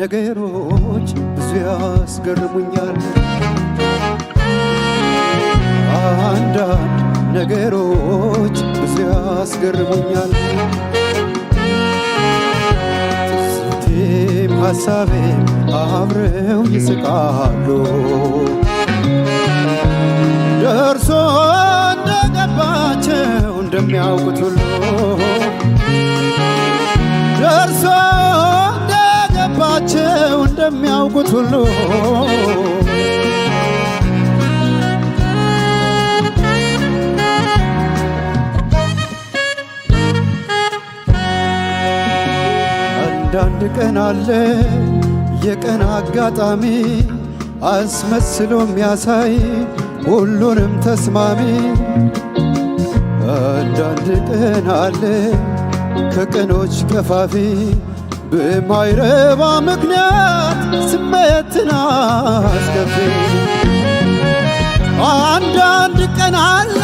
ነገሮች ብዙ ያስገርሙኛል። አንዳንድ ነገሮች ብዙ ያስገርሙኛል። ትዝቴም ሀሳቤም አብረው ይስቃሉ። ደርሶ እንደገባቸው እንደሚያውቁት ሁሉ ለሚያውቁት ሁሉ አንዳንድ ቀን አለ የቀን አጋጣሚ አስመስሎ የሚያሳይ ሁሉንም ተስማሚ አንዳንድ ቀን አለ ከቀኖች ከፋፊ በማይረባ ምክንያት ስሜትን አስከፊ አንዳንድ ቀን አለ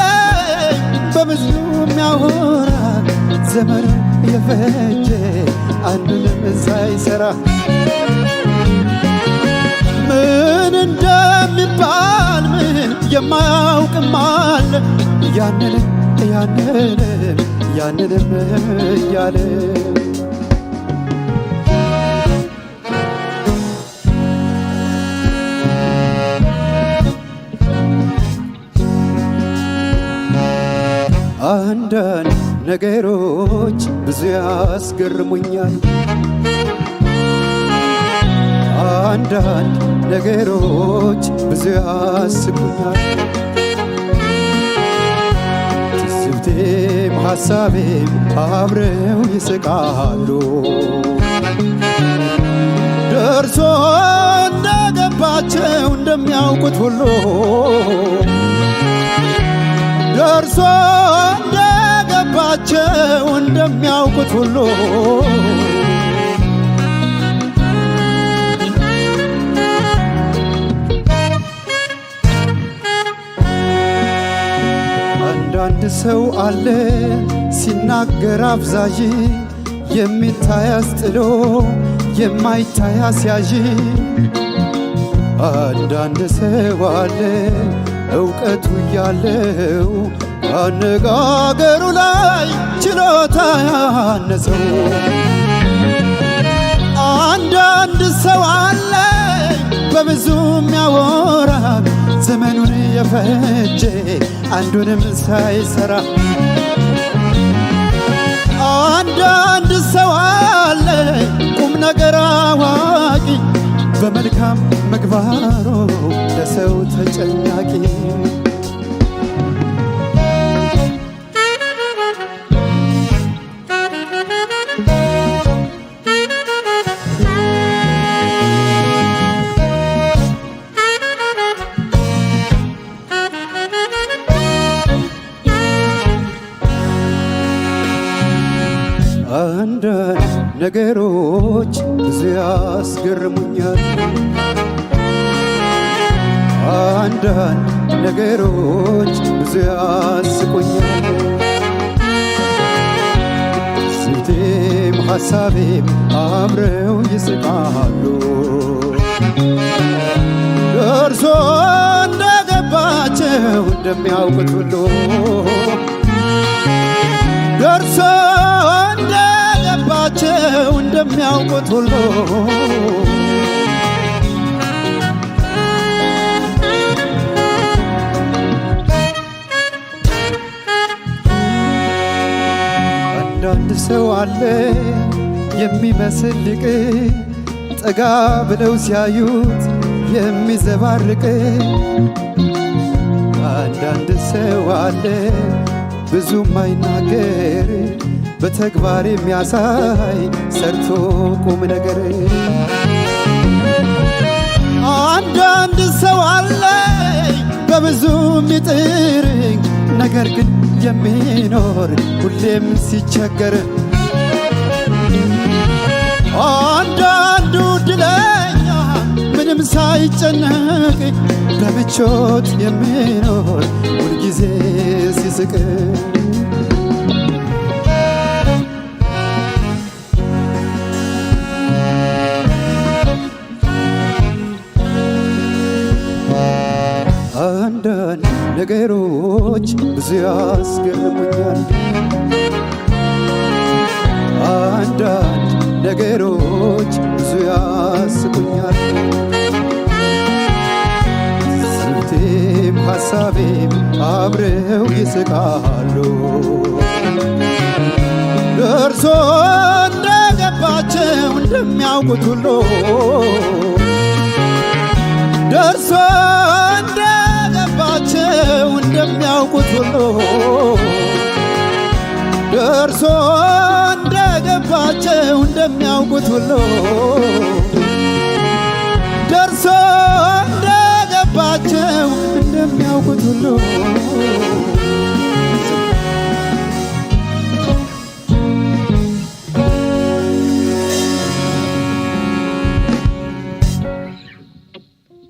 በምስሉ የሚያወራል ዘመኑ የፈጀ አንዱንም ሳይሰራ ምን እንደሚባል ምን የማያውቅም አለ ያንንም ያንንም ያንንም እያለ አንዳንድ ነገሮች ብዙ ያስገርሙኛል። አንዳንድ ነገሮች ብዙ ያስቁኛል። ትዝብቴም ሐሳቤም አብረው ይስቃሉ። ደርሶ እንደገባቸው እንደሚያውቁት ሁሉ ደርሶ እንደገባቸው እንደሚያውቁት ሁሉ አንዳንድ ሰው አለ ሲናገር አብዛዥ የሚታይ አስጥሎ የማይታይ አስያዥ አንዳንድ ሰው አለ እውቀቱ እያለው አነጋገሩ ላይ ችሎታ ያነሰው አንዳንድ ሰው አለ በብዙ የሚያወራ ዘመኑን የፈጀ አንዱንም ሳይሰራ። አንዳንድ ሰው አለ ቁም ነገር አዋቂ በመልካም መግባሮ ሰው ተጨናቂ አንዳንድ ነገሮች ብዙ ያስገርሙኛል። ያዳን ነገሮች ብዙ ያስቁኛል ስንቴም ሀሳቤም አብረው ይስቃሉ። እርሶ እንደገባቸው እንደሚያውቁት ሁሉ ደርሶ እንደገባቸው እንደሚያውቁት ሁሉ አንዳንድ ሰው አለ የሚመስል ልቅ ጠጋ ብለው ሲያዩት የሚዘባርቅ አንዳንድ ሰው አለ ብዙ ማይናገር በተግባር የሚያሳይ ሰርቶ ቁም ነገር አንዳንድ ሰው አለ በብዙ ሚጥር ነገር ግን የሚኖር ሁሌም ሲቸገር አንዳንዱ ድለኛ ምንም ሳይጨነቅ በምቾት የሚኖር ሁልጊዜ ሲስቅ ነገሮች ብዙ ያስገርሙኛል። አንዳንድ ነገሮች ብዙ ያስቁኛል። ስንቴም ሐሳቤም አብረው ይስቃሉ። እርሶ እንደገባቸው እንደሚያውቁት ሁሉ ደርሶ ያሰብኩት ሁሉ ደርሶ እንደገባቸው እንደሚያውቁት ሁሉ ደርሶ እንደገባቸው እንደሚያውቁት ሁሉ